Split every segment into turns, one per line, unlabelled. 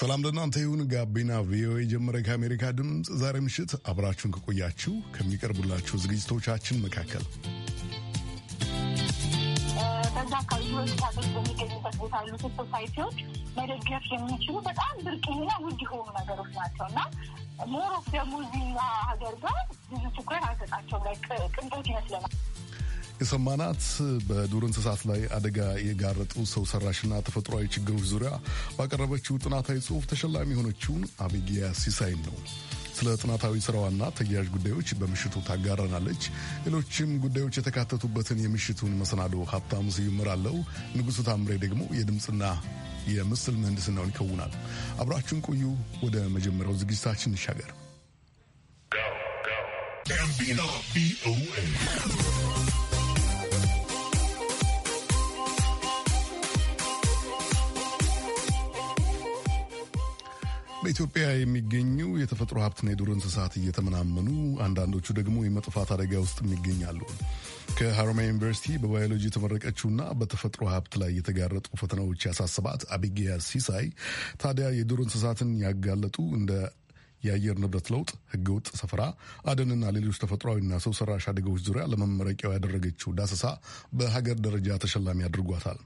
ሰላም ለእናንተ ይሁን። ጋቢና ቪኦኤ ጀመረ። ከአሜሪካ ድምፅ ዛሬ ምሽት አብራችሁን ከቆያችሁ ከሚቀርቡላችሁ ዝግጅቶቻችን መካከል
በዛ የሚችሉ የሆኑ ነገሮች ሞሮፍ ደግሞ እዚህ ሀገር ጋር ብዙ ትኩረት አንሰጣቸውም ላይ ቅንጦት ይመስለናል።
የሰማናት በዱር እንስሳት ላይ አደጋ የጋረጡ ሰው ሰራሽና ተፈጥሯዊ ችግሮች ዙሪያ ባቀረበችው ጥናታዊ ጽሑፍ ተሸላሚ የሆነችውን አቢጊያ ሲሳይን ነው። ስለ ጥናታዊ ስራዋና ተያያዥ ጉዳዮች በምሽቱ ታጋረናለች ሌሎችም ጉዳዮች የተካተቱበትን የምሽቱን መሰናዶ ሀብታሙ ስይምራለው፣ ንጉሥ ታምሬ ደግሞ የድምፅና የምስል ምህንድስናውን ይከውናል። አብራችሁን ቆዩ። ወደ መጀመሪያው ዝግጅታችን እንሻገር። በኢትዮጵያ የሚገኙ የተፈጥሮ ሀብትና የዱር እንስሳት እየተመናመኑ አንዳንዶቹ ደግሞ የመጥፋት አደጋ ውስጥም ይገኛሉ። ከሀሮማያ ዩኒቨርሲቲ በባዮሎጂ የተመረቀችውና በተፈጥሮ ሀብት ላይ የተጋረጡ ፈተናዎች ያሳስባት አቢጌያ ሲሳይ ታዲያ የዱር እንስሳትን ያጋለጡ እንደ የአየር ንብረት ለውጥ፣ ህገወጥ ሰፈራ፣ አደንና ሌሎች ተፈጥሯዊና ሰው ሰራሽ አደጋዎች ዙሪያ ለመመረቂያው ያደረገችው ዳሰሳ በሀገር ደረጃ ተሸላሚ አድርጓታል።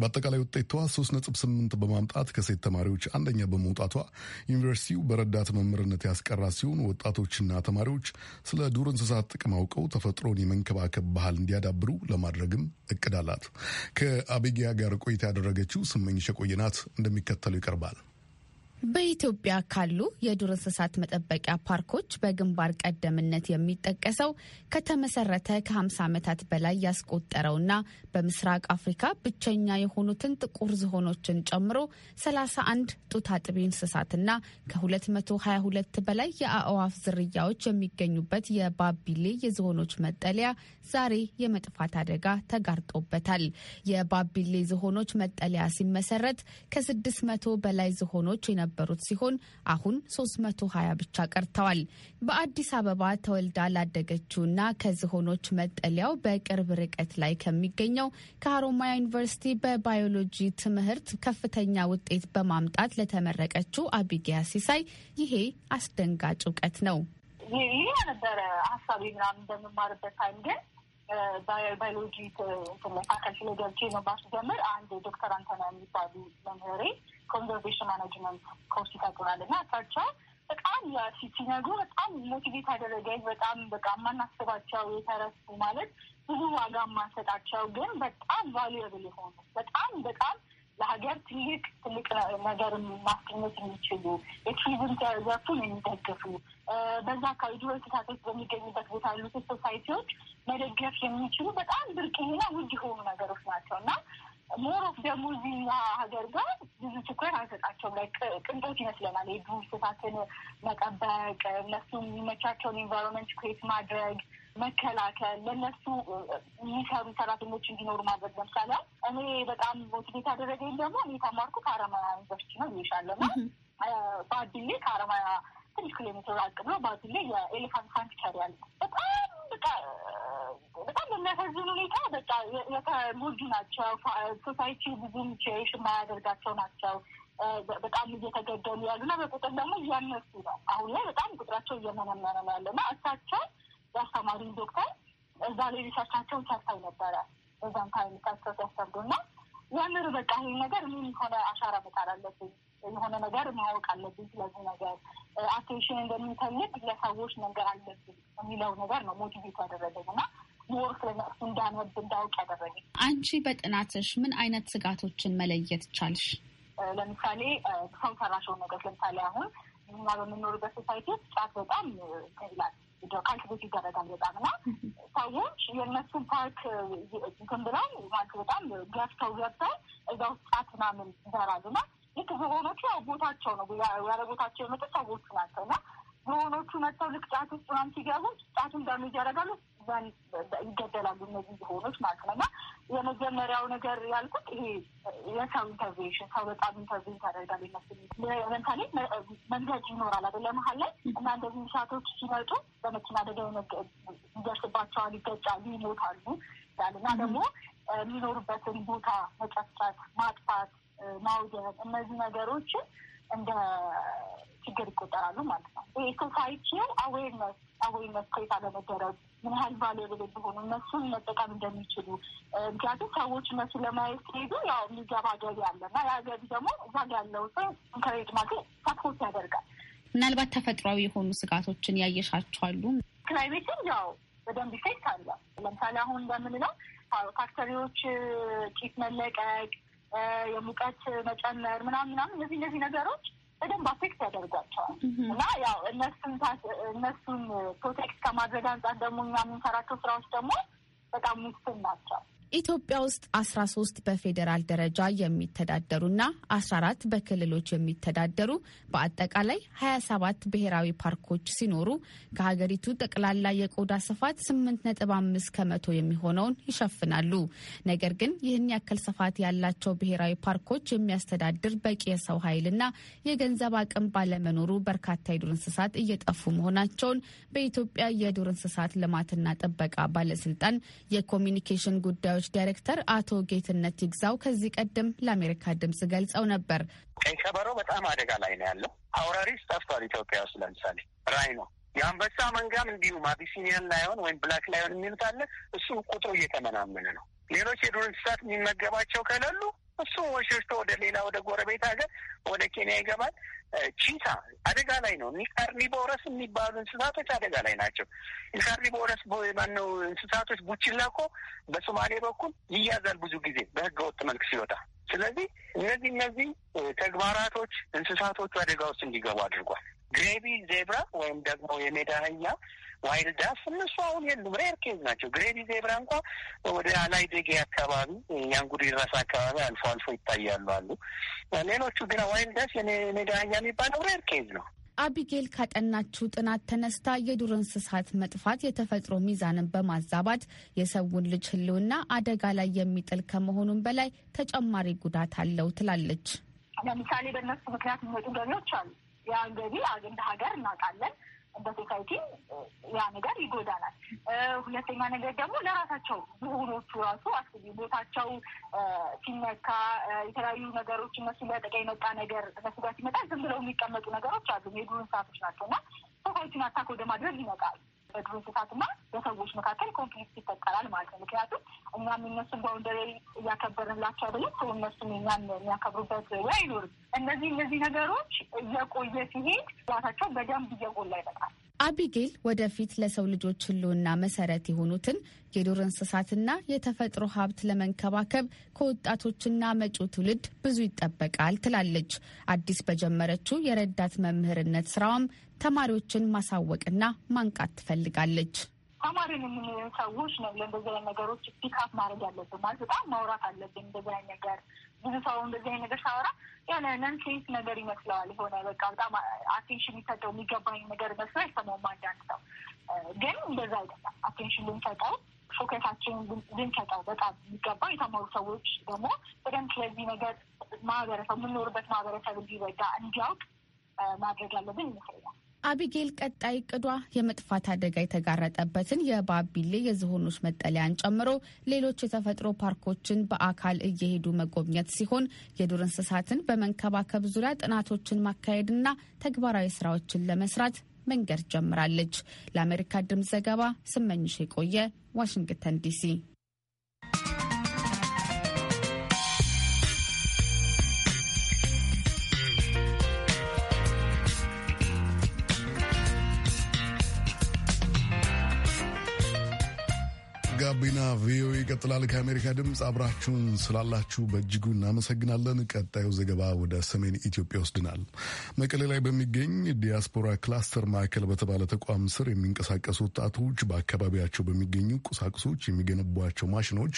በአጠቃላይ ውጤቷ 3.8 በማምጣት ከሴት ተማሪዎች አንደኛ በመውጣቷ ዩኒቨርሲቲው በረዳት መምህርነት ያስቀራ ሲሆን ወጣቶችና ተማሪዎች ስለ ዱር እንስሳት ጥቅም አውቀው ተፈጥሮን የመንከባከብ ባህል እንዲያዳብሩ ለማድረግም እቅድ አላት። ከአቤጊያ ጋር ቆይታ ያደረገችው ስመኝሽ እንደሚከተሉ እንደሚከተለው ይቀርባል።
በኢትዮጵያ ካሉ የዱር እንስሳት መጠበቂያ ፓርኮች በግንባር ቀደምነት የሚጠቀሰው ከተመሰረተ ከ50 ዓመታት በላይ ያስቆጠረውና በምስራቅ አፍሪካ ብቸኛ የሆኑትን ጥቁር ዝሆኖችን ጨምሮ 31 ጡት አጥቢ እንስሳትና ከ222 በላይ የአእዋፍ ዝርያዎች የሚገኙበት የባቢሌ የዝሆኖች መጠለያ ዛሬ የመጥፋት አደጋ ተጋርጦበታል። የባቢሌ ዝሆኖች መጠለያ ሲመሰረት ከ600 በላይ ዝሆኖች የነበ የነበሩት ሲሆን አሁን 320 ብቻ ቀርተዋል። በአዲስ አበባ ተወልዳ ላደገችውና ከዝሆኖች መጠለያው በቅርብ ርቀት ላይ ከሚገኘው ከሀሮማያ ዩኒቨርሲቲ በባዮሎጂ ትምህርት ከፍተኛ ውጤት በማምጣት ለተመረቀችው አቢጊያ ሲሳይ ይሄ አስደንጋጭ እውቀት ነው።
ይህ ነበረ ሀሳቤ ምናምን በምማርበት ታይም ግን ባዮሎጂ ፋካልቲ ላይ ገብቼ ነው ባሱ ጀምር አንድ ዶክተር አንተና የሚባሉ መምህሬ ኮንዘርቬሽን ማናጅመንት ኮርስ ይሰጡናል እና እሳቸው በጣም ሲነጉ በጣም ሞቲቬት ያደረገኝ በጣም በቃ የማናስባቸው የተረሱ ማለት ብዙ ዋጋ የማንሰጣቸው ግን በጣም ቫሉየብል የሆኑ በጣም በጣም ለሀገር ትልቅ ትልቅ ነገር ማስገኘት የሚችሉ የቱሪዝም ዘርፉን የሚደግፉ በዛ አካባቢ ድሮ እንስሳቶች በሚገኙበት ቦታ ያሉት ሶሳይቲዎች መደገፍ የሚችሉ በጣም ብርቅና ውድ የሆኑ ነገሮች ናቸው እና ሞሮፍ ደግሞ እዚህ ሀገር ጋር ብዙ ትኩረት አንሰጣቸውም። ላይ ቅንጦት ይመስለናል። የዱር እንስሳትን መጠበቅ፣ እነሱም የሚመቻቸውን ኢንቫይሮንመንት ኩሬት ማድረግ መከላከል፣ ለነሱ የሚሰሩ ሰራተኞች እንዲኖሩ ማድረግ። ለምሳሌ እኔ በጣም ሞቲቬት ያደረገኝ ደግሞ እኔ ተማርኩ ከአረማያ ዩኒቨርሲቲ ነው ይሻለ ነው በአዲሌ ከአረማያ ትንሽ ኪሎ ሜትር ራቅ ብሎ በአዲሌ የኤሌፋንት ሳንክቸሪ አለ። በጣም በቃ በጣም በሚያሳዝን ሁኔታ በቃ የተጎዱ ናቸው። ሶሳይቲ ብዙም ቼሽ የማያደርጋቸው ናቸው። በጣም እየተገደሉ ያሉና በቁጥር ደግሞ እያነሱ ነው። አሁን ላይ በጣም ቁጥራቸው እየመነመነ ነው ያለ ያለና እሳቸው ያስተማሩኝ ዶክተር እዛ ላይ ሪሰርቻቸውን ሰርተው ነበረ። እዛም ታይም ሰርተው ሲያስተምዱ እና የምር በቃ ይህ ነገር ምን የሆነ አሻራ መጣል አለብኝ፣ የሆነ ነገር ማወቅ አለብኝ፣ ስለዚህ ነገር አቴንሽን እንደሚፈልግ ለሰዎች ነገር አለብኝ የሚለው ነገር ነው ሞቲቬት ያደረገኝ እና ሞር ስለነሱ እንዳነብ እንዳውቅ ያደረገኝ።
አንቺ በጥናትሽ ምን አይነት ስጋቶችን መለየት ቻልሽ?
ለምሳሌ ሰው ሰራሽ ነገር ለምሳሌ አሁን እኛ በምንኖርበት ሶሳይቲ ውስጥ ጫት በጣም ይላል ካልቲቤት ይደረጋል በጣም እና ሰዎች የእነሱን ፓርክ እንትን ብለው ማለት በጣም ገፍተው ገብተው እዛ ውስጥ ጫት ምናምን ይዘራሉ እና ልክ ዝሆኖቹ ያው ቦታቸው ነው ያለ ቦታቸው የመጡ ሰዎቹ ናቸው እና ዝሆኖቹ መጥተው ልክ ጫት ውስጥ ምናምን ሲገቡ ጫቱን ዳሜጅ ያደርጋሉ ዛን ይገደላሉ እነዚህ ዝሆኖች ማለት ነው። እና የመጀመሪያው ነገር ያልኩት ይሄ የሰው ኢንተርቬንሽን፣ ሰው በጣም ኢንተርቬን ያደርጋል ይመስል ለምሳሌ መንገድ ይኖራል አደለ መሀል ላይ እና እንደዚህ እንስሳቶች ሲመጡ በመኪና አደጋ ይደርስባቸዋል፣ ይገጫሉ፣ ይሞታሉ ያል እና ደግሞ የሚኖሩበትን ቦታ መጨፍጨፍ፣ ማጥፋት፣ ማውደም እነዚህ ነገሮችን እንደ ችግር ይቆጠራሉ ማለት ነው። ይህ ሶሳይቲው አዌርነስ አዌርነስ ክሬት አለመደረግ ምን ያህል ቫሌብል እንደሆኑ እነሱን መጠቀም እንደሚችሉ ምክንያቱም ሰዎች እነሱ ለማየት ሲሄዱ ያው የሚገባ ገቢ አለ እና ያ ገቢ ደግሞ እዛ ያለው ሰው ኢንከሬጅ ማድረግ ሰፖርት ያደርጋል።
ምናልባት ተፈጥሯዊ የሆኑ ስጋቶችን ያየሻቸዋሉ።
ክላይሜትን ያው በደንብ ኢፌክት አለ። ለምሳሌ አሁን እንደምንለው ፋክተሪዎች ጭስ መለቀቅ፣ የሙቀት መጨመር ምናምን ምናምን እነዚህ እነዚህ ነገሮች በደንብ አፌክት ያደርጓቸዋል እና ያው እነሱን እነሱን ፕሮቴክት ከማድረግ አንጻር ደግሞ እኛ የምንሰራቸው ስራዎች ደግሞ በጣም ውስን ናቸው።
ኢትዮጵያ ውስጥ 13 በፌዴራል ደረጃ የሚተዳደሩና 14 በክልሎች የሚተዳደሩ በአጠቃላይ 27 ብሔራዊ ፓርኮች ሲኖሩ ከሀገሪቱ ጠቅላላ የቆዳ ስፋት 8.5 ከመቶ የሚሆነውን ይሸፍናሉ። ነገር ግን ይህን ያክል ስፋት ያላቸው ብሔራዊ ፓርኮች የሚያስተዳድር በቂ የሰው ኃይልና የገንዘብ አቅም ባለመኖሩ በርካታ የዱር እንስሳት እየጠፉ መሆናቸውን በኢትዮጵያ የዱር እንስሳት ልማትና ጥበቃ ባለስልጣን የኮሚኒኬሽን ጉዳዮች ጉዳዮች ዳይሬክተር አቶ ጌትነት ይግዛው ከዚህ ቀደም ለአሜሪካ ድምጽ ገልጸው ነበር።
ቀይ በጣም አደጋ ላይ ነው ያለው። አውራሪስ
ጠፍቷል ኢትዮጵያ ውስጥ ለምሳሌ ራይኖ የአንበሳ መንጋም እንዲሁም አቢሲኒያን ላይሆን ወይም ብላክ ላይሆን የሚሉት አለ።
እሱ ቁጥሩ እየተመናመነ ነው።
ሌሎች የዱር እንስሳት የሚመገባቸው ከሌሉ እሱ ወሸሽቶ ወደ ሌላ ወደ ጎረቤት ሀገር ወደ ኬንያ ይገባል። ቺታ አደጋ ላይ ነው። ካርኒቮረስ የሚባሉ እንስሳቶች አደጋ ላይ ናቸው። ካርኒቮረስ ማነው እንስሳቶች ቡችላ እኮ በሶማሌ በኩል ይያዛል ብዙ ጊዜ በህገወጥ መልክ ሲወጣ። ስለዚህ እነዚህ እነዚህ ተግባራቶች እንስሳቶቹ አደጋ ውስጥ እንዲገቡ አድርጓል። ግሬቪ ዜብራ ወይም ደግሞ የሜዳ አህያ ዋይልድ ዳፍ እነሱ አሁን የሉም፣ ሬር ኬዝ ናቸው። ግሬዲ ዜብራ እንኳ ወደ አላይደጌ አካባቢ ያንጉዲ ራስ አካባቢ አልፎ አልፎ ይታያሉ አሉ። ሌሎቹ ግን ዋይልድ ዳፍ የኔዳያ የሚባለው ሬር ኬዝ ነው።
አቢጌል ካጠናችው ጥናት ተነስታ የዱር እንስሳት መጥፋት የተፈጥሮ ሚዛንን በማዛባት የሰውን ልጅ ሕልውና አደጋ ላይ የሚጥል ከመሆኑም በላይ ተጨማሪ ጉዳት አለው ትላለች።
ለምሳሌ በእነሱ ምክንያት የሚመጡ ገቢዎች አሉ። ያ ገቢ እንደ ሀገር እናውቃለን እንደ ሶሳይቲ ያ ነገር ይጎዳናል። ሁለተኛ ነገር ደግሞ ለራሳቸው ዝሆኖቹ ራሱ አስቢ ቦታቸው ሲነካ የተለያዩ ነገሮች እነሱ ሊያጠቃ የመጣ ነገር እነሱ ጋር ሲመጣ ዝም ብለው የሚቀመጡ ነገሮች አሉ። የዱር እንስሳቶች ናቸው እና ሶሳይቲን አታክ ወደ ማድረግ ይመጣል። በዱር እንስሳትና በሰዎች መካከል ኮንፍሊክት ይፈጠራል ማለት ነው። ምክንያቱም እኛም እነሱን ባውንደሪ እያከበርንላቸው አይደለም፣ ሰው እነሱም እኛን የሚያከብሩበት ወይ አይኖርም። እነዚህ እነዚህ ነገሮች እየቆየ ሲሄድ ራሳቸው በደንብ እየጎላ ይመጣል።
አቢጌል ወደፊት ለሰው ልጆች ህልውና መሰረት የሆኑትን የዱር እንስሳትና የተፈጥሮ ሀብት ለመንከባከብ ከወጣቶችና መጪው ትውልድ ብዙ ይጠበቃል ትላለች። አዲስ በጀመረችው የረዳት መምህርነት ስራውም ተማሪዎችን ማሳወቅና ማንቃት ትፈልጋለች።
ተማሪ ሰዎች ነው ለእንደዚህ ነገሮች ፒካፕ ማድረግ አለብን ማለት በጣም ማውራት አለብን እንደዚህ ነገር ብዙ ሰው እንደዚህ አይነት ነገር ሳወራ የሆነ ነንሴንስ ነገር ይመስለዋል። የሆነ በቃ በጣም አቴንሽን ሊሰጠው የሚገባኝ ነገር መስሎ አይሰማውም አንዳንድ ሰው። ግን እንደዛ አይደለም። አቴንሽን ልንሰጠው ፎከሳችንን ልንሰጠው በጣም የሚገባ የተማሩ ሰዎች ደግሞ በደንብ ስለዚህ ነገር ማህበረሰብ የምንኖርበት ማህበረሰብ እንዲረዳ እንዲያውቅ ማድረግ ያለብን
ይመስለኛል።
አቢጌል ቀጣይ እቅዷ የመጥፋት አደጋ የተጋረጠበትን የባቢሌ የዝሆኖች መጠለያን ጨምሮ ሌሎች የተፈጥሮ ፓርኮችን በአካል እየሄዱ መጎብኘት ሲሆን የዱር እንስሳትን በመንከባከብ ዙሪያ ጥናቶችን ማካሄድና ተግባራዊ ስራዎችን ለመስራት መንገድ ጀምራለች። ለአሜሪካ ድምፅ ዘገባ ስመኝሽ የቆየ ዋሽንግተን ዲሲ
ጋቢና ቪኦኤ ይቀጥላል። ከአሜሪካ ድምፅ አብራችሁን ስላላችሁ በእጅጉ እናመሰግናለን። ቀጣዩ ዘገባ ወደ ሰሜን ኢትዮጵያ ወስድናል። መቀሌ ላይ በሚገኝ ዲያስፖራ ክላስተር ማዕከል በተባለ ተቋም ስር የሚንቀሳቀሱ ወጣቶች በአካባቢያቸው በሚገኙ ቁሳቁሶች የሚገነቧቸው ማሽኖች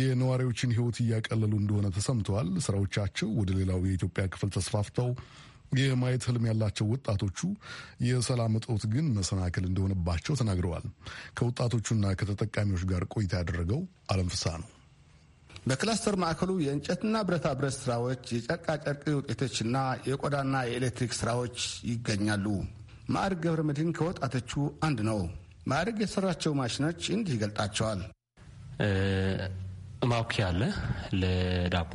የነዋሪዎችን ሕይወት እያቀለሉ እንደሆነ ተሰምተዋል። ስራዎቻቸው ወደ ሌላው የኢትዮጵያ ክፍል ተስፋፍተው የማየት ህልም ያላቸው ወጣቶቹ የሰላም እጦት ግን መሰናክል እንደሆነባቸው ተናግረዋል። ከወጣቶቹና
ከተጠቃሚዎች ጋር ቆይታ ያደረገው አለም ፍሳ ነው። በክላስተር ማዕከሉ የእንጨትና ብረታ ብረት ስራዎች፣ የጨርቃጨርቅ ውጤቶችና የቆዳና የኤሌክትሪክ ስራዎች ይገኛሉ። ማዕርግ ገብረ መድህን ከወጣቶቹ አንድ ነው። ማዕርግ የሰራቸው ማሽኖች እንዲህ ይገልጣቸዋል። ማውኪያ አለ፣ ለዳቦ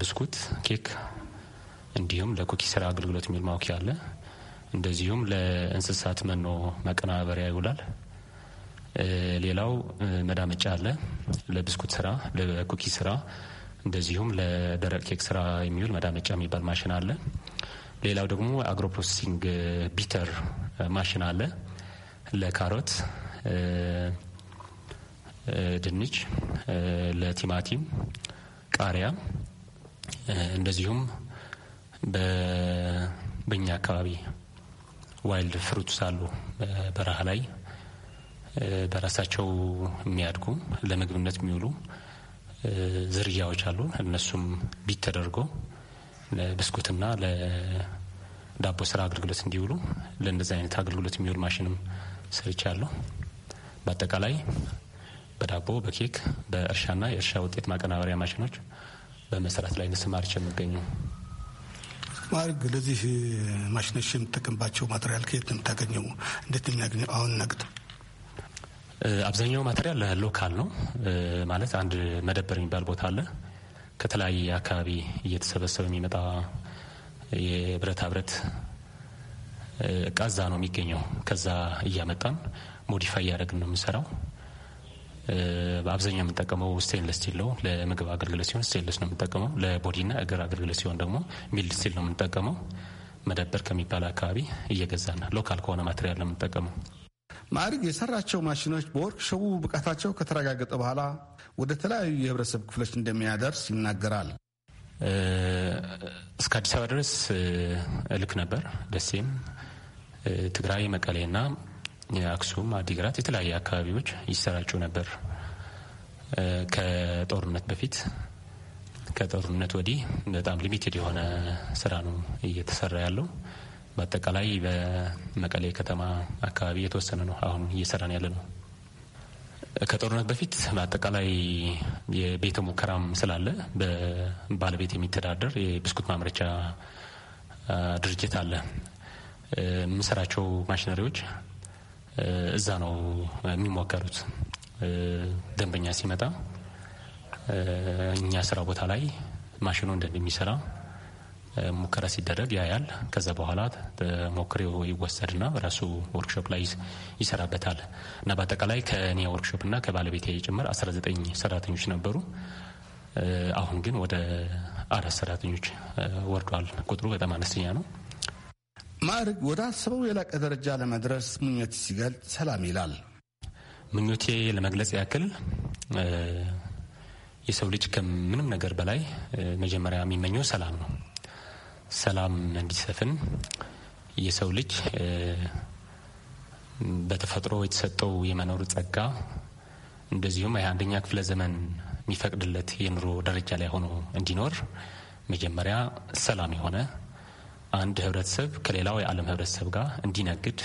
ብስኩት፣ ኬክ እንዲሁም ለኩኪ ስራ አገልግሎት የሚል ማወኪያ አለ። እንደዚሁም ለእንስሳት መኖ መቀናበሪያ ይውላል። ሌላው መዳመጫ አለ። ለብስኩት ስራ፣ ለኩኪ ስራ እንደዚሁም ለደረቅ ኬክ ስራ የሚውል መዳመጫ የሚባል ማሽን አለ። ሌላው ደግሞ አግሮፕሮሰሲንግ ቢተር ማሽን አለ። ለካሮት፣ ድንች፣ ለቲማቲም፣ ቃሪያ እንደዚሁም በበኛ አካባቢ ዋይልድ ፍሩትስ አሉ በረሃ ላይ በራሳቸው የሚያድጉ ለምግብነት የሚውሉ ዝርያዎች አሉ። እነሱም ቢት ተደርጎ ለብስኩትና ለዳቦ ስራ አገልግሎት እንዲውሉ ለእነዚህ አይነት አገልግሎት የሚውል ማሽንም ሰርቻለሁ። በአጠቃላይ በዳቦ፣ በኬክ፣ በእርሻና የእርሻ ውጤት ማቀናበሪያ ማሽኖች በመስራት ላይ ንስማርች የሚገኙ
ማድረግ ለዚህ ማሽኖች የምጠቀምባቸው ማቴሪያል ከየት ነው የምታገኘው? እንዴት የሚያገኘው? አሁን ነግድ
አብዛኛው ማቴሪያል ሎካል ነው ማለት አንድ መደብር የሚባል ቦታ አለ። ከተለያየ አካባቢ እየተሰበሰበ የሚመጣ የብረታ ብረት እቃ እዛ ነው የሚገኘው። ከዛ እያመጣን ሞዲፋይ እያደረግን ነው የምንሰራው። በአብዛኛው የምንጠቀመው ስቴንለስ ስቲል ነው። ለምግብ አገልግሎት ሲሆን ስቴንለስ ነው የምንጠቀመው። ለቦዲና እግር አገልግሎት ሲሆን ደግሞ ሚልድ ስቲል ነው የምንጠቀመው። መደብር ከሚባል አካባቢ እየገዛና ሎካል ከሆነ ማቴሪያል ነው የምንጠቀመው።
ማዕሪግ የሰራቸው ማሽኖች በወርክሾቡ ብቃታቸው ከተረጋገጠ በኋላ ወደ ተለያዩ የህብረተሰብ ክፍሎች እንደሚያደርስ ይናገራል።
እስከ አዲስ አበባ ድረስ እልክ ነበር። ደሴም፣ ትግራይ፣ መቀሌና የአክሱም፣ አዲግራት የተለያዩ አካባቢዎች ይሰራጩ ነበር። ከጦርነት በፊት ከጦርነት ወዲህ በጣም ሊሚትድ የሆነ ስራ ነው እየተሰራ ያለው። በአጠቃላይ በመቀሌ ከተማ አካባቢ የተወሰነ ነው አሁን እየሰራን ያለ ነው። ከጦርነት በፊት በአጠቃላይ የቤተ ሙከራም ስላለ በባለቤት የሚተዳደር የብስኩት ማምረቻ ድርጅት አለ። የምንሰራቸው ማሽነሪዎች እዛ ነው የሚሞከሩት። ደንበኛ ሲመጣ እኛ ስራ ቦታ ላይ ማሽኑ እንደሚሰራ ሙከራ ሲደረግ ያያል። ከዛ በኋላ ሞክሬው ይወሰድና ራሱ ወርክሾፕ ላይ ይሰራበታል እና በአጠቃላይ ከእኔ ወርክሾፕ እና ከባለቤት ጭምር 19 ሰራተኞች ነበሩ። አሁን ግን ወደ አራት ሰራተኞች ወርዷል። ቁጥሩ በጣም አነስተኛ ነው።
ማዕርግ ወደ አስበው የላቀ ደረጃ ለመድረስ ምኞት ሲገልጽ ሰላም ይላል።
ምኞቴ ለመግለጽ ያክል የሰው ልጅ ከምንም ነገር በላይ መጀመሪያ የሚመኘው ሰላም ነው። ሰላም እንዲሰፍን የሰው ልጅ በተፈጥሮ የተሰጠው የመኖር ጸጋ እንደዚሁም የአንደኛ ክፍለ ዘመን የሚፈቅድለት የኑሮ ደረጃ ላይ ሆኖ እንዲኖር መጀመሪያ ሰላም የሆነ አንድ ህብረተሰብ ከሌላው የዓለም ህብረተሰብ ጋር እንዲነግድ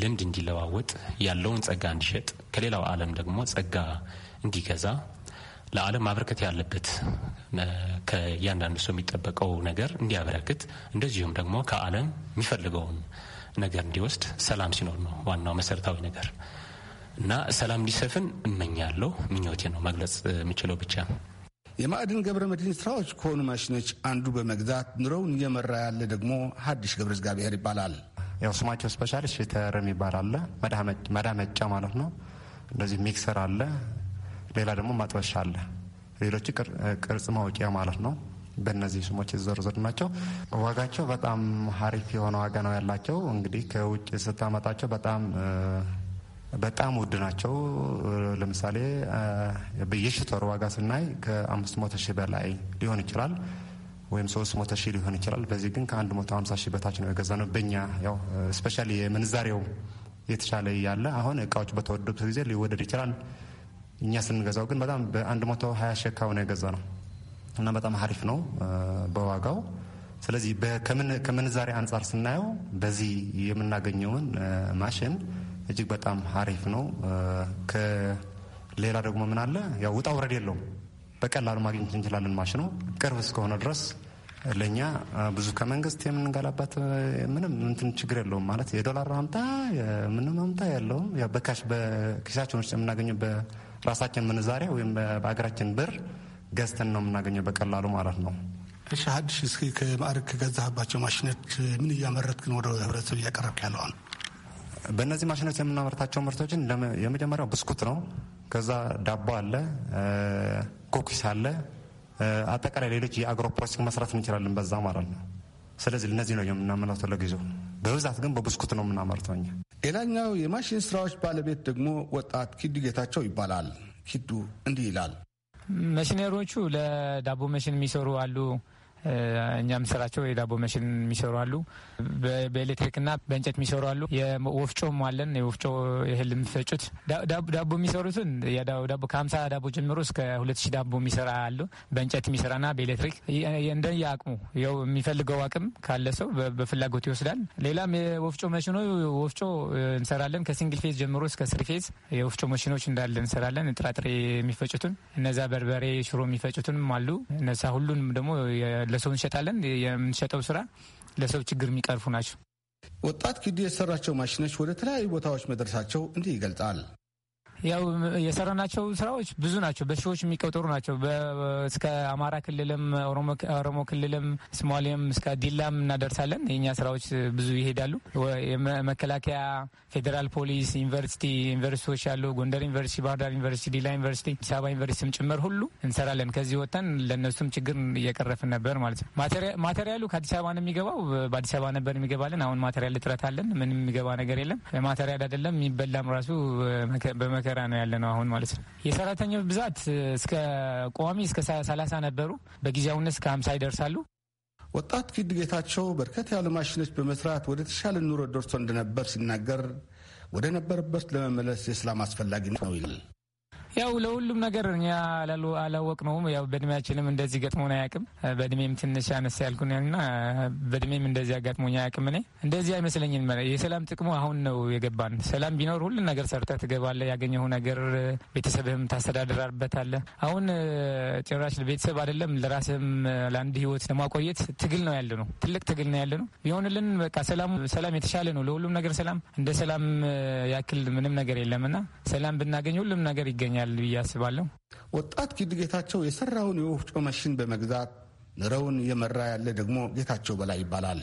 ልምድ እንዲለዋወጥ ያለውን ጸጋ እንዲሸጥ ከሌላው ዓለም ደግሞ ጸጋ እንዲገዛ ለዓለም ማበረከት ያለበት ከእያንዳንዱ ሰው የሚጠበቀው ነገር እንዲያበረክት፣ እንደዚሁም ደግሞ ከዓለም የሚፈልገውን ነገር እንዲወስድ ሰላም ሲኖር ነው ዋናው መሰረታዊ ነገር እና ሰላም እንዲሰፍን እመኛለሁ። ምኞቴ ነው መግለጽ የምችለው ብቻ
የማዕድን ገብረ መድህን ስራዎች ከሆኑ ማሽኖች አንዱ በመግዛት ኑሮውን እየመራ ያለ ደግሞ ሀዲሽ ገብረ እግዚአብሔር
ይባላል። ያው ስማቸው ስፔሻል ሽተር የሚባል አለ፣ መዳመጫ ማለት ነው። እንደዚህ ሚክሰር አለ፣ ሌላ ደግሞ ማጥበሻ አለ፣ ሌሎች ቅርጽ ማውቂያ ማለት ነው። በእነዚህ ስሞች የተዘረዘሩ ናቸው። ዋጋቸው በጣም ሀሪፍ የሆነ ዋጋ ነው ያላቸው። እንግዲህ ከውጭ ስታመጣቸው በጣም በጣም ውድ ናቸው። ለምሳሌ በየሽተሩ ዋጋ ስናይ ከአምስት መቶ ሺህ በላይ ሊሆን ይችላል ወይም ሶስት መቶ ሺህ ሊሆን ይችላል። በዚህ ግን ከአንድ መቶ ሀምሳ ሺህ በታች ነው የገዛነው። ነው። ያው ስፔሻሊ የምንዛሬው የተሻለ ያለ አሁን እቃዎች በተወደዱበት ጊዜ ሊወደድ ይችላል። እኛ ስንገዛው ግን በጣም በአንድ መቶ ሀያ ሺህ ነው የገዛ ነው እና በጣም ሀሪፍ ነው በዋጋው። ስለዚህ ከምንዛሬ አንጻር ስናየው በዚህ የምናገኘውን ማሽን እጅግ በጣም አሪፍ ነው። ከሌላ ደግሞ ምን አለ ያው ውጣ ውረድ የለውም። በቀላሉ ማግኘት እንችላለን። ማሽኑ ቅርብ እስከሆነ ድረስ ለእኛ ብዙ ከመንግስት የምንጋላባት ምንም እንትን ችግር የለውም ማለት የዶላር አምጣ ምንም አምጣ ያለውም በካሽ በኪሳችን ውስጥ የምናገኘው በራሳችን ምንዛሬ ወይም በሀገራችን ብር ገዝተን ነው የምናገኘው በቀላሉ ማለት ነው።
እሺ ሀዲሽ እስኪ ከማዕረግ ከገዛህባቸው ማሽኖች ምን እያመረትክን ወደ
ህብረተሰብ እያቀረብክ ያለዋል? በእነዚህ ማሽኖች የምናመርታቸው ምርቶችን የመጀመሪያው ብስኩት ነው። ከዛ ዳቦ አለ፣ ኩኪስ አለ። አጠቃላይ ሌሎች የአግሮ ፕሮሴስ መስራት እንችላለን በዛ ማለት ነው። ስለዚህ እነዚህ ነው የምናመርተው ለጊዜው። በብዛት ግን በብስኩት ነው የምናመርተው እኛ።
ሌላኛው የማሽን ስራዎች ባለቤት ደግሞ ወጣት ኪዱ ጌታቸው ይባላል። ኪዱ እንዲህ ይላል።
መሽነሮቹ ለዳቦ መሽን የሚሰሩ አሉ እኛ ምንሰራቸው የዳቦ መሽን የሚሰሩ አሉ፣ በኤሌክትሪክና በእንጨት የሚሰሩ አሉ። የወፍጮም አለን። የወፍጮ እህል የሚፈጩት ዳቦ የሚሰሩትን ዳቦ ከሀምሳ ዳቦ ጀምሮ እስከ ሁለት ሺህ ዳቦ የሚሰራ አሉ። በእንጨት የሚሰራና በኤሌክትሪክ እንደ አቅሙ ው የሚፈልገው አቅም ካለ ሰው በፍላጎት ይወስዳል። ሌላም የወፍጮ መሽኖ ወፍጮ እንሰራለን። ከሲንግል ፌዝ ጀምሮ እስከ ስሪ ፌዝ የወፍጮ መሽኖች እንዳለ እንሰራለን። ጥራጥሬ የሚፈጩትን እነዛ በርበሬ፣ ሽሮ የሚፈጩትንም አሉ። እነዛ ሁሉንም ደግሞ ለሰው እንሸጣለን። የምንሸጠው ስራ ለሰው ችግር የሚቀርፉ ናቸው።
ወጣት ኪዱ የሰራቸው ማሽኖች ወደ ተለያዩ ቦታዎች መድረሳቸው እንዲህ ይገልጻል።
ያው የሰራናቸው ስራዎች ብዙ ናቸው። በሺዎች የሚቆጠሩ ናቸው። እስከ አማራ ክልልም ኦሮሞ ክልልም ሶማሌም እስከ ዲላም እናደርሳለን። የኛ ስራዎች ብዙ ይሄዳሉ። መከላከያ፣ ፌዴራል ፖሊስ፣ ዩኒቨርሲቲ ዩኒቨርሲቲዎች ያሉ ጎንደር ዩኒቨርሲቲ፣ ባህርዳር ዩኒቨርሲቲ፣ ዲላ ዩኒቨርሲቲ፣ አዲስ አበባ ዩኒቨርሲቲም ጭምር ሁሉ እንሰራለን። ከዚህ ወጥተን ለእነሱም ችግር እየቀረፍን ነበር ማለት ነው። ማቴሪያሉ ከአዲስ አበባ ነው የሚገባው። በአዲስ አበባ ነበር የሚገባለን። አሁን ማቴሪያል እጥረት አለን። ምንም የሚገባ ነገር የለም። ማቴሪያል አይደለም የሚበላም ራሱ ሲሰራ ነው ያለነው አሁን ማለት ነው። የሰራተኛው ብዛት እስከ ቋሚ እስከ ሰላሳ ነበሩ። በጊዜያዊነት እስከ ሀምሳ ይደርሳሉ።
ወጣት ፊድ ጌታቸው በርከት ያሉ ማሽኖች በመስራት ወደ ተሻለ ኑሮ ደርሶ እንደነበር ሲናገር ወደ ነበረበት ለመመለስ የሰላም አስፈላጊ ነው ይላል።
ያው ለሁሉም ነገር እኛ አላወቅነውም። ያው በእድሜያችንም እንደዚህ ገጥሞን አያውቅም። በእድሜም ትንሽ አነስ ያልኩና በእድሜም እንደዚህ አጋጥሞኝ አያውቅም። እኔ እንደዚህ አይመስለኝም። የሰላም ጥቅሙ አሁን ነው የገባን። ሰላም ቢኖር ሁሉን ነገር ሰርተህ ትገባለህ። ያገኘው ነገር ቤተሰብህም ታስተዳድራበታለህ። አሁን ጭራሽ ቤተሰብ አይደለም ለራስህም ለአንድ ህይወት ለማቆየት ትግል ነው ያለ ነው። ትልቅ ትግል ነው ያለ ነው። ቢሆንልን በቃ ሰላሙ ሰላም የተሻለ ነው ለሁሉም ነገር ሰላም እንደ ሰላም ያክል ምንም ነገር የለምና ሰላም ብናገኝ ሁሉም ነገር ይገኛል። ይገኛል ብዬ አስባለሁ።
ወጣት ኪዱ ጌታቸው የሰራውን የወፍጮ መሽን በመግዛት ንረውን እየመራ ያለ ደግሞ ጌታቸው በላይ ይባላል።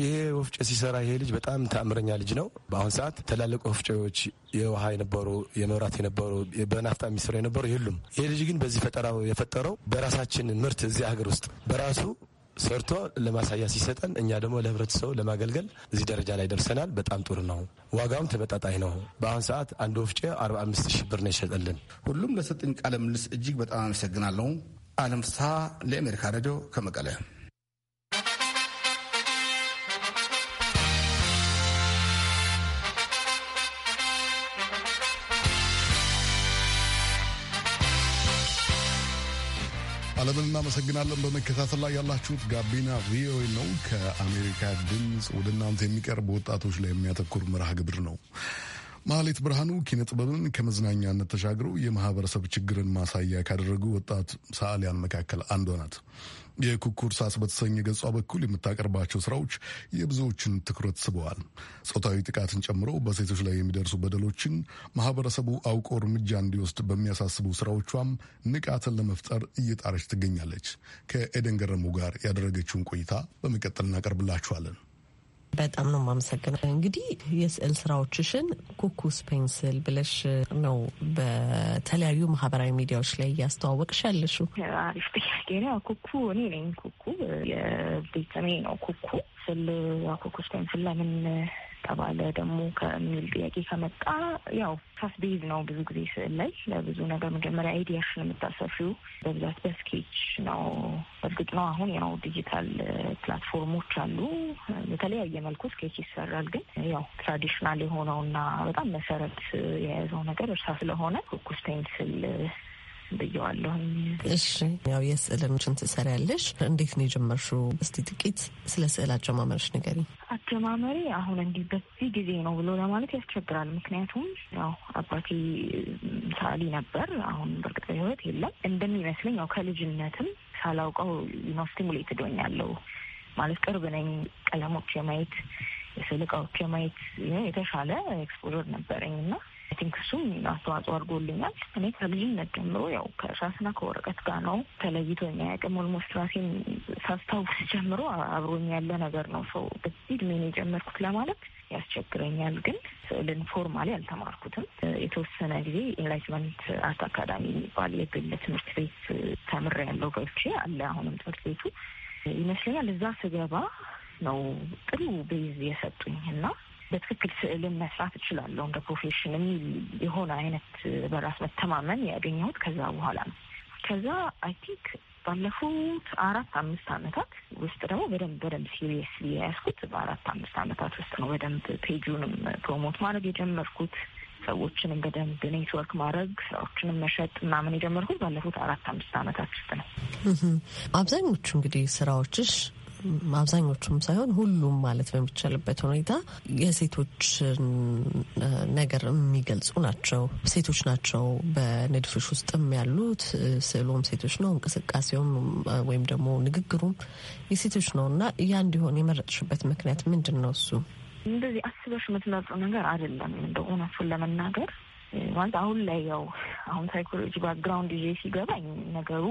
ይሄ ወፍጮ ሲሰራ ይሄ ልጅ በጣም ተአምረኛ ልጅ ነው። በአሁን ሰዓት ትላልቅ ወፍጮዎች የውሃ የነበሩ የመብራት የነበሩ በናፍጣ የሚሰሩ የነበሩ የሉም። ይሄ ልጅ ግን በዚህ ፈጠራው የፈጠረው በራሳችን ምርት እዚህ ሀገር ውስጥ በራሱ ሰርቶ ለማሳያ ሲሰጠን እኛ ደግሞ ለህብረተሰቡ ለማገልገል እዚህ ደረጃ ላይ ደርሰናል። በጣም ጥሩ ነው። ዋጋውም ተመጣጣኝ ነው። በአሁን ሰዓት አንድ ወፍጮ 45 ሺህ ብር ነው ይሸጠልን። ሁሉም ለሰጠኝ ቃለ ምልልስ እጅግ በጣም አመሰግናለሁ። አለም ለአሜሪካ ሬዲዮ ከመቀለ
አለምን እናመሰግናለን። በመከታተል ላይ ያላችሁት ጋቢና ቪኦኤ ነው። ከአሜሪካ ድምፅ ወደ እናንተ የሚቀርብ ወጣቶች ላይ የሚያተኩር መርሃ ግብር ነው። ማህሌት ብርሃኑ ኪነጥበብን ከመዝናኛነት ተሻግሮ የማህበረሰብ ችግርን ማሳያ ካደረጉ ወጣት ሰዓሊያን መካከል አንዷ ናት። የኩኩር ሳስ በተሰኘ ገጿ በኩል የምታቀርባቸው ስራዎች የብዙዎችን ትኩረት ስበዋል። ጾታዊ ጥቃትን ጨምሮ በሴቶች ላይ የሚደርሱ በደሎችን ማህበረሰቡ አውቆ እርምጃ እንዲወስድ በሚያሳስቡ ስራዎቿም ንቃትን ለመፍጠር እየጣረች ትገኛለች። ከኤደን ገረሙ ጋር ያደረገችውን ቆይታ በመቀጠል እናቀርብላችኋለን።
በጣም ነው የማመሰግነው። እንግዲህ የስዕል ስራዎችሽን ኩኩስ ፔንስል ብለሽ ነው በተለያዩ ማህበራዊ ሚዲያዎች ላይ እያስተዋወቅሽ ያለሽው። አሪፍ ጥያቄ ነው። ኩኩ እኔ ነኝ። ኩኩ የቤተሜ ነው። ኩኩ ስል ኩኩስ ፔንስል
ለምን ከተባለ ደግሞ ከሚል ጥያቄ ከመጣ ያው ሳስ ቤዝ ነው። ብዙ ጊዜ ስዕል ላይ ለብዙ ነገር መጀመሪያ አይዲያሽን የምታሰፊው በብዛት በስኬች ነው። እርግጥ ነው አሁን ያው ዲጂታል ፕላትፎርሞች አሉ። በተለያየ መልኩ ስኬች ይሰራል። ግን ያው ትራዲሽናል የሆነውና በጣም መሰረት የያዘው ነገር እርሳ
ስለሆነ ኩኩስ ፔንስል ብየዋለሁኝ። እሺ ያው የስዕሎችን ትሰሪያለሽ፣ እንዴት ነው የጀመርሽው? እስቲ ጥቂት ስለ ስዕል አጀማመርሽ ንገሪ።
አጀማመሪ አሁን እንዲህ በዚህ ጊዜ ነው ብሎ ለማለት ያስቸግራል። ምክንያቱም
ያው አባቴ
ሳሊ ነበር። አሁን በእርግጥ ህይወት የለም። እንደሚመስለኝ ያው ከልጅነትም ሳላውቀው ነው ስቲሙሌት ዶኛለው ማለት ቅርብ ነኝ ቀለሞች የማየት የስዕል እቃዎች የማየት የተሻለ ኤክስፖዘር ነበረኝ እና አይ ቲንክ እሱም አስተዋጽኦ አድርጎልኛል። እኔ ከልጅነት ጀምሮ ያው ከእርሳስና ከወረቀት ጋር ነው ተለይቶ የሚያቅም ኦልሞስት ራሴን ሳስታውስ ጀምሮ አብሮኝ ያለ ነገር ነው። ሰው በዚህ እድሜን የጀመርኩት ለማለት ያስቸግረኛል። ግን ስዕልን ፎርማሊ አልተማርኩትም። የተወሰነ ጊዜ ኢንላይትመንት አርት አካዳሚ የሚባል የግል ትምህርት ቤት ተምሬ ያለው ገብቼ አለ አሁንም ትምህርት ቤቱ ይመስለኛል። እዛ ስገባ ነው ጥሩ ቤዝ የሰጡኝ እና በትክክል ስዕልን መስራት እችላለሁ እንደ ፕሮፌሽን የሚል የሆነ አይነት በራስ መተማመን ያገኘሁት ከዛ በኋላ ነው። ከዛ አይ ቲንክ ባለፉት አራት አምስት አመታት ውስጥ ደግሞ በደንብ በደንብ ሲሪየስሊ የያዝኩት በአራት አምስት አመታት ውስጥ ነው። በደንብ ፔጁንም ፕሮሞት ማድረግ የጀመርኩት ሰዎችንም በደንብ ኔትወርክ ማድረግ ስራዎችንም መሸጥ ምናምን የጀመርኩት ባለፉት አራት አምስት አመታት ውስጥ ነው።
አብዛኞቹ እንግዲህ ስራዎችሽ አብዛኞቹም ሳይሆን ሁሉም ማለት በሚቻልበት ሁኔታ የሴቶችን ነገር የሚገልጹ ናቸው። ሴቶች ናቸው በንድፍሽ ውስጥም ያሉት። ስዕሉም ሴቶች ነው፣ እንቅስቃሴውም ወይም ደግሞ ንግግሩም የሴቶች ነው እና ያ እንዲሆን የመረጥሽበት ምክንያት ምንድን ነው? እሱ
እንደዚህ አስበሽ የምትመርጠው ነገር አይደለም። እንደ እውነቱን ለመናገር ማለት አሁን ላይ ያው አሁን ሳይኮሎጂ ባክግራውንድ ይዤ ሲገባኝ ነገሩ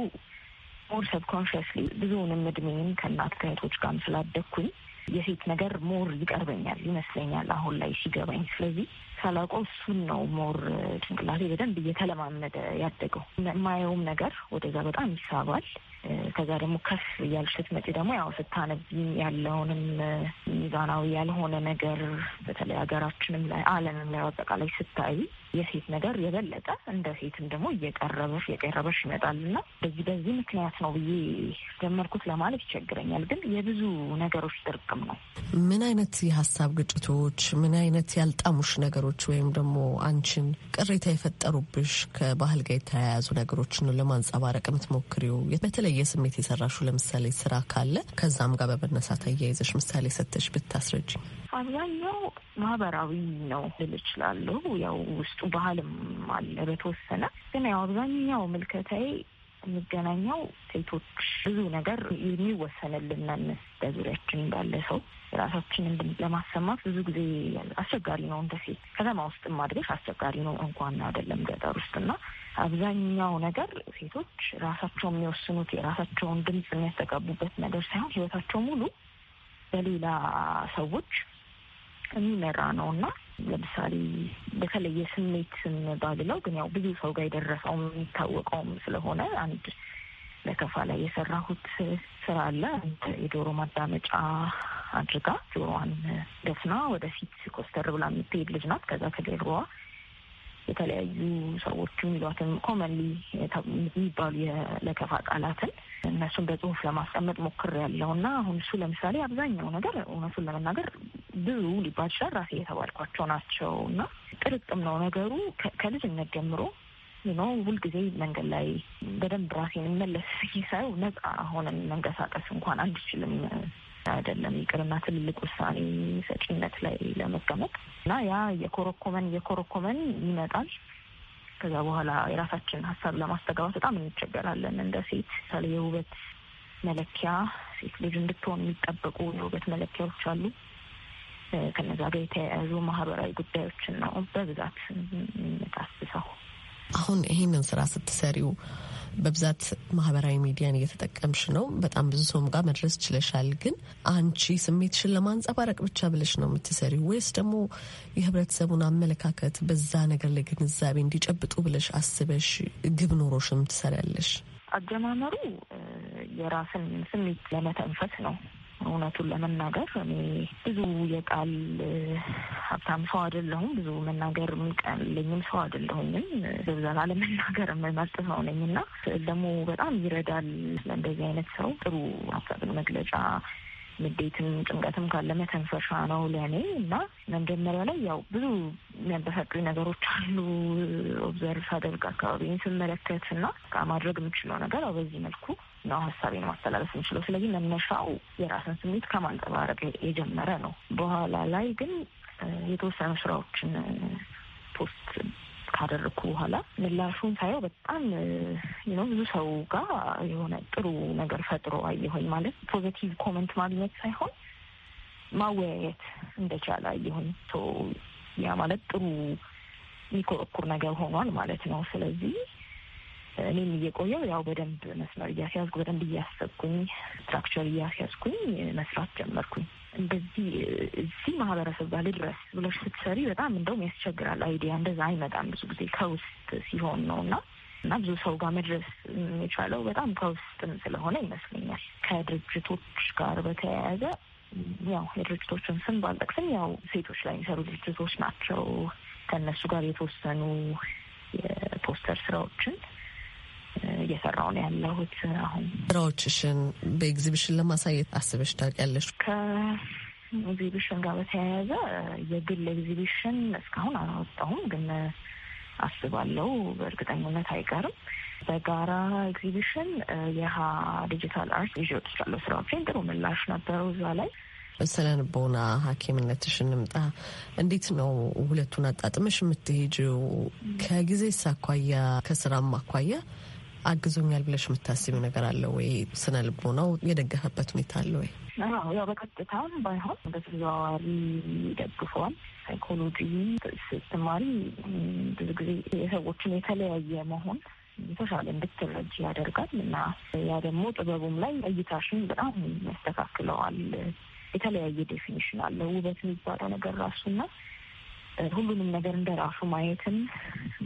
ሞር ሰብኮንሽስሊ ብዙውንም እድሜን ከእናት ከእህቶች ጋርም ስላደግኩኝ የሴት ነገር ሞር ይቀርበኛል ይመስለኛል አሁን ላይ ሲገባኝ። ስለዚህ ሳላውቀው እሱን ነው ሞር ጭንቅላቴ በደንብ እየተለማመደ ያደገው። የማየውም ነገር ወደዛ በጣም ይሳባል። ከዛ ደግሞ ከፍ እያልሽ ስትመጪ ደግሞ ያው ስታነቢ ያለውንም ሚዛናዊ ያልሆነ ነገር በተለይ ሀገራችንም ላይ ዓለምም ላይ አጠቃላይ ስታይ የሴት ነገር የበለጠ እንደ ሴትም ደግሞ እየቀረበሽ እየቀረበሽ ይመጣል እና በዚህ በዚህ ምክንያት ነው ብዬ ጀመርኩት ለማለት ይቸግረኛል። ግን የብዙ ነገሮች ጥርቅም ነው።
ምን አይነት የሀሳብ ግጭቶች፣ ምን አይነት ያልጣሙሽ ነገሮች ወይም ደግሞ አንቺን ቅሬታ የፈጠሩብሽ ከባህል ጋር የተያያዙ ነገሮችን ለማንጸባረቅ የምትሞክሪው በተለይ ስሜት የሰራሹ ለምሳሌ ስራ ካለ ከዛም ጋር በመነሳት አያይዘሽ ምሳሌ ሰተሽ ብታስረጅ።
አብዛኛው ማህበራዊ ነው ልል እችላለሁ። ያው ውስጡ ባህልም አለ በተወሰነ ግን ያው አብዛኛው ምልከታዬ የምገናኘው ሴቶች ብዙ ነገር የሚወሰንልን በዙሪያችን ባለ ሰው ራሳችንን ለማሰማት ብዙ ጊዜ አስቸጋሪ ነው። እንደ ሴት ከተማ ውስጥ ማድረግ አስቸጋሪ ነው እንኳን አይደለም ገጠር ውስጥ እና አብዛኛው ነገር ሴቶች ራሳቸው የሚወስኑት የራሳቸውን ድምፅ የሚያስተጋቡበት ነገር ሳይሆን ህይወታቸው ሙሉ በሌላ ሰዎች የሚመራ ነው እና ለምሳሌ በተለየ ስሜት ባልለው ግን ያው ብዙ ሰው ጋር የደረሰውም የሚታወቀውም ስለሆነ አንድ ለከፋ ላይ የሰራሁት ስራ አለ። አንድ የዶሮ ማዳመጫ አድርጋ ጆሮዋን ደፍና ወደፊት ኮስተር ብላ የምትሄድ ልጅ ናት። ከዛ ከጀርባዋ የተለያዩ ሰዎቹ የሚሏትን ኮመንሊ የሚባሉ የለከፋ ቃላትን እነሱን በጽሁፍ ለማስቀመጥ ሞክር ያለው እና አሁን እሱ ለምሳሌ አብዛኛው ነገር እውነቱን ለመናገር ብዙ ሊባል ይችላል ራሴ የተባልኳቸው ናቸው እና ጥርቅም ነው ነገሩ ከልጅነት ጀምሮ ኖ ሁልጊዜ መንገድ ላይ በደንብ ራሴን መለስ ሳየው ነጻ ሆነን መንቀሳቀስ እንኳን አንችልም አይደለም ይቅርና ትልልቅ ውሳኔ ሰጪነት ላይ ለመቀመጥ እና ያ የኮረኮመን የኮረኮመን ይመጣል። ከዛ በኋላ የራሳችንን ሀሳብ ለማስተጋባት በጣም እንቸገራለን። እንደ ሴት ሳሌ የውበት መለኪያ ሴት ልጅ እንድትሆን የሚጠበቁ የውበት መለኪያዎች አሉ። ከነዛ ጋር የተያያዙ ማህበራዊ ጉዳዮችን ነው በብዛት የምታስብሰው።
አሁን ይህንን ስራ ስትሰሪው በብዛት ማህበራዊ ሚዲያን እየተጠቀምሽ ነው። በጣም ብዙ ሰውም ጋር መድረስ ችለሻል። ግን አንቺ ስሜትሽን ለማንጸባረቅ ብቻ ብለሽ ነው የምትሰሪ ወይስ ደግሞ የህብረተሰቡን አመለካከት በዛ ነገር ላይ ግንዛቤ እንዲጨብጡ ብለሽ አስበሽ ግብ ኖሮሽም ትሰሪያለሽ?
አጀማመሩ የራስን ስሜት ለመተንፈስ ነው። እውነቱን ለመናገር እኔ ብዙ የቃል ሀብታም ሰው አይደለሁም። ብዙ መናገር የሚቀልኝም ሰው አይደለሁኝም። በብዛት አለመናገር የምመርጥ ሰው ነኝ እና ደግሞ በጣም ይረዳል። ለእንደዚህ አይነት ሰው ጥሩ ሀሳብን መግለጫ ምዴትም ጭንቀትም ካለ መተንፈሻ ነው ለእኔ እና መጀመሪያ ላይ ያው ብዙ የሚያበሳጩ ነገሮች አሉ። ኦብዘርቭ ሳደርግ አካባቢን ስመለከት እና ማድረግ የምችለው ነገር አው በዚህ መልኩ ነው ሀሳቤን ማስተላለፍ የምችለው። ስለዚህ መነሻው የራስን ስሜት ከማንጸባረቅ የጀመረ ነው። በኋላ ላይ ግን የተወሰኑ ስራዎችን ፖስት ካደረግኩ በኋላ ምላሹን ሳየው በጣም ነው ብዙ ሰው ጋር የሆነ ጥሩ ነገር ፈጥሮ አየሆኝ ማለት ፖዘቲቭ ኮመንት ማግኘት ሳይሆን ማወያየት እንደቻለ አየሆኝ ያ ማለት ጥሩ የሚኮረኩር ነገር ሆኗል ማለት ነው። ስለዚህ እኔም እየቆየው ያው በደንብ መስመር እያስያዝኩ በደንብ እያሰብኩኝ ስትራክቸር እያስያዝኩኝ መስራት ጀመርኩኝ። እንደዚህ እዚህ ማህበረሰብ ጋር ልድረስ ብለሽ ስትሰሪ በጣም እንደውም ያስቸግራል። አይዲያ እንደዛ አይመጣም ብዙ ጊዜ ከውስጥ ሲሆን ነው እና እና ብዙ ሰው ጋር መድረስ የቻለው በጣም ከውስጥም ስለሆነ ይመስለኛል። ከድርጅቶች ጋር በተያያዘ ያው የድርጅቶችን ስም ባልጠቅስም ያው ሴቶች ላይ የሚሰሩ ድርጅቶች ናቸው። ከእነሱ ጋር የተወሰኑ የፖስተር ስራዎችን እየሰራው ነው ያለሁት። አሁን
ስራዎችሽን በኤግዚቢሽን ለማሳየት አስበሽ ታውቂያለሽ?
ከኤግዚቢሽን ጋር በተያያዘ የግል ኤግዚቢሽን እስካሁን አላወጣሁም፣ ግን አስባለሁ። በእርግጠኝነት አይቀርም። በጋራ ኤግዚቢሽን የሀ ዲጂታል
አርት ይዤ ወጥቻለሁ። ስራዎችን ጥሩ ምላሽ ነበረው እዛ ላይ ስነ ልቦና ሐኪምነትሽ እንምጣ። እንዴት ነው ሁለቱን አጣጥመሽ የምትሄጂው? ከጊዜ አኳያ ከስራም አኳያ አግዞኛል ብለሽ የምታስቢ ነገር አለ ወይ? ስነ ነው የደገፈበት ሁኔታ አለ ወይ?
ያው በቀጥታም ባይሆን በተዘዋዋሪ ደግፈዋል። ሳይኮሎጂ ስትማሪ ብዙ ጊዜ የሰዎችን የተለያየ መሆን የተሻለ እንድትረጅ ያደርጋል እና ያ ደግሞ ጥበቡም ላይ እይታሽን በጣም ያስተካክለዋል። የተለያየ ዴፊኒሽን አለ ውበት የሚባለው ነገር ራሱና ሁሉንም ነገር እንደ ራሱ ማየትን፣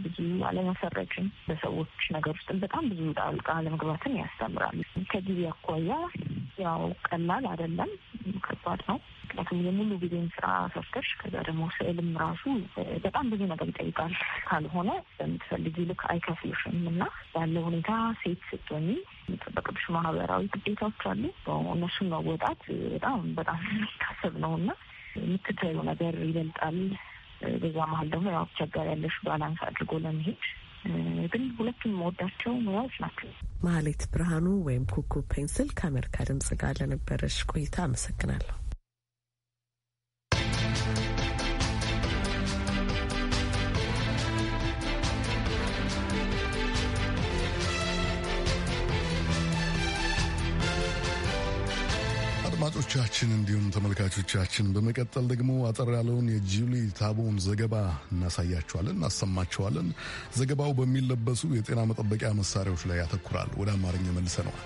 ብዙ አለመፈረጅን፣ በሰዎች ነገር ውስጥ በጣም ብዙ ጣልቃ አለመግባትን ያስተምራል። ከጊዜ አኳያ ያው ቀላል አይደለም፣ ከባድ ነው። ምክንያቱም የሙሉ ጊዜን ስራ ሰርተሽ ከዛ ደግሞ ስዕልም ራሱ በጣም ብዙ ነገር ይጠይቃል። ካልሆነ በምትፈልጊ ልክ አይከፍልሽም እና ያለ ሁኔታ ሴት ስትሆኚ የሚጠበቅብሽ ማህበራዊ ግዴታዎች አሉ። እነሱን መወጣት በጣም በጣም የሚታሰብ ነው እና የምትታዩ ነገር ይበልጣል በዛ መሀል ደግሞ ያው ቸጋሪ ያለሽ ባላንስ አድርጎ ለመሄድ ግን ሁለቱም መወዳቸው ሙያዎች ናቸው።
መሀሌት ብርሃኑ ወይም ኩኩ ፔንስል ከአሜሪካ ድምጽ ጋር ለነበረሽ ቆይታ አመሰግናለሁ።
አድማጮቻችን እንዲሁም ተመልካቾቻችን በመቀጠል ደግሞ አጠር ያለውን የጁሊ ታቦን ዘገባ እናሳያችኋለን፣ እናሰማችኋለን። ዘገባው በሚለበሱ የጤና መጠበቂያ መሳሪያዎች ላይ ያተኩራል። ወደ አማርኛ መልሰነዋል።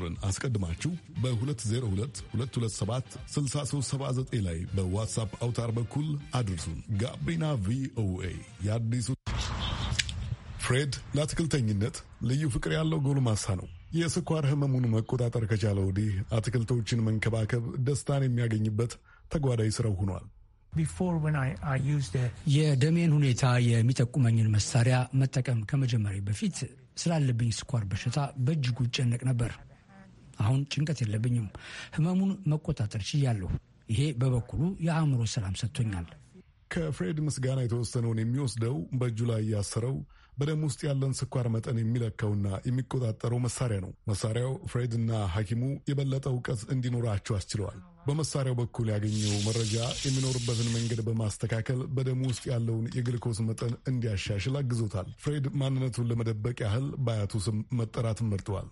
ቁጥርን አስቀድማችሁ በ202227 6379 ላይ በዋትሳፕ አውታር በኩል አድርሱን። ጋቢና ቪኦኤ የአዲሱ ፍሬድ ለአትክልተኝነት ልዩ ፍቅር ያለው ጎልማሳ ነው። የስኳር ህመሙን መቆጣጠር ከቻለ ወዲህ አትክልቶችን መንከባከብ ደስታን የሚያገኝበት ተጓዳይ ስራው ሆኗል።
የደሜን ሁኔታ የሚጠቁመኝን መሳሪያ መጠቀም ከመጀመሪያ በፊት ስላለብኝ ስኳር በሽታ በእጅጉ ይጨነቅ ነበር። አሁን ጭንቀት የለብኝም። ህመሙን መቆጣጠር ችያለሁ። ይሄ በበኩሉ የአእምሮ ሰላም ሰጥቶኛል።
ከፍሬድ ምስጋና የተወሰነውን የሚወስደው በእጁ ላይ ያሰረው በደም ውስጥ ያለን ስኳር መጠን የሚለካውና የሚቆጣጠረው መሳሪያ ነው። መሳሪያው ፍሬድና ሐኪሙ የበለጠ እውቀት እንዲኖራቸው አስችለዋል። በመሳሪያው በኩል ያገኘው መረጃ የሚኖርበትን መንገድ በማስተካከል በደም ውስጥ ያለውን የግልኮስ መጠን እንዲያሻሽል አግዞታል። ፍሬድ ማንነቱን ለመደበቅ ያህል በአያቱ ስም መጠራትን መርጠዋል።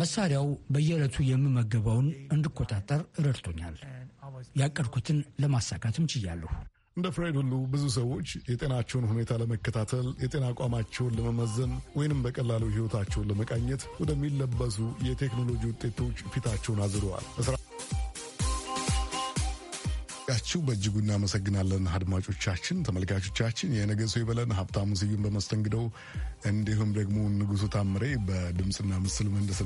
መሳሪያው በየዕለቱ የምመገበውን እንድቆጣጠር ረድቶኛል። ያቀድኩትን ለማሳካትም ችያለሁ።
እንደ ፍሬድ ሁሉ ብዙ ሰዎች የጤናቸውን ሁኔታ ለመከታተል የጤና አቋማቸውን ለመመዘን ወይንም በቀላሉ ሕይወታቸውን ለመቃኘት ወደሚለበሱ የቴክኖሎጂ ውጤቶች ፊታቸውን አዝረዋል። ጋችሁ በእጅጉ እናመሰግናለን። አድማጮቻችን፣ ተመልካቾቻችን የነገ ሰው ይበለን። ሀብታሙ ስዩም በመስተንግደው እንዲሁም ደግሞ ንጉሱ ታምሬ በድምፅና ምስል ምህንድስና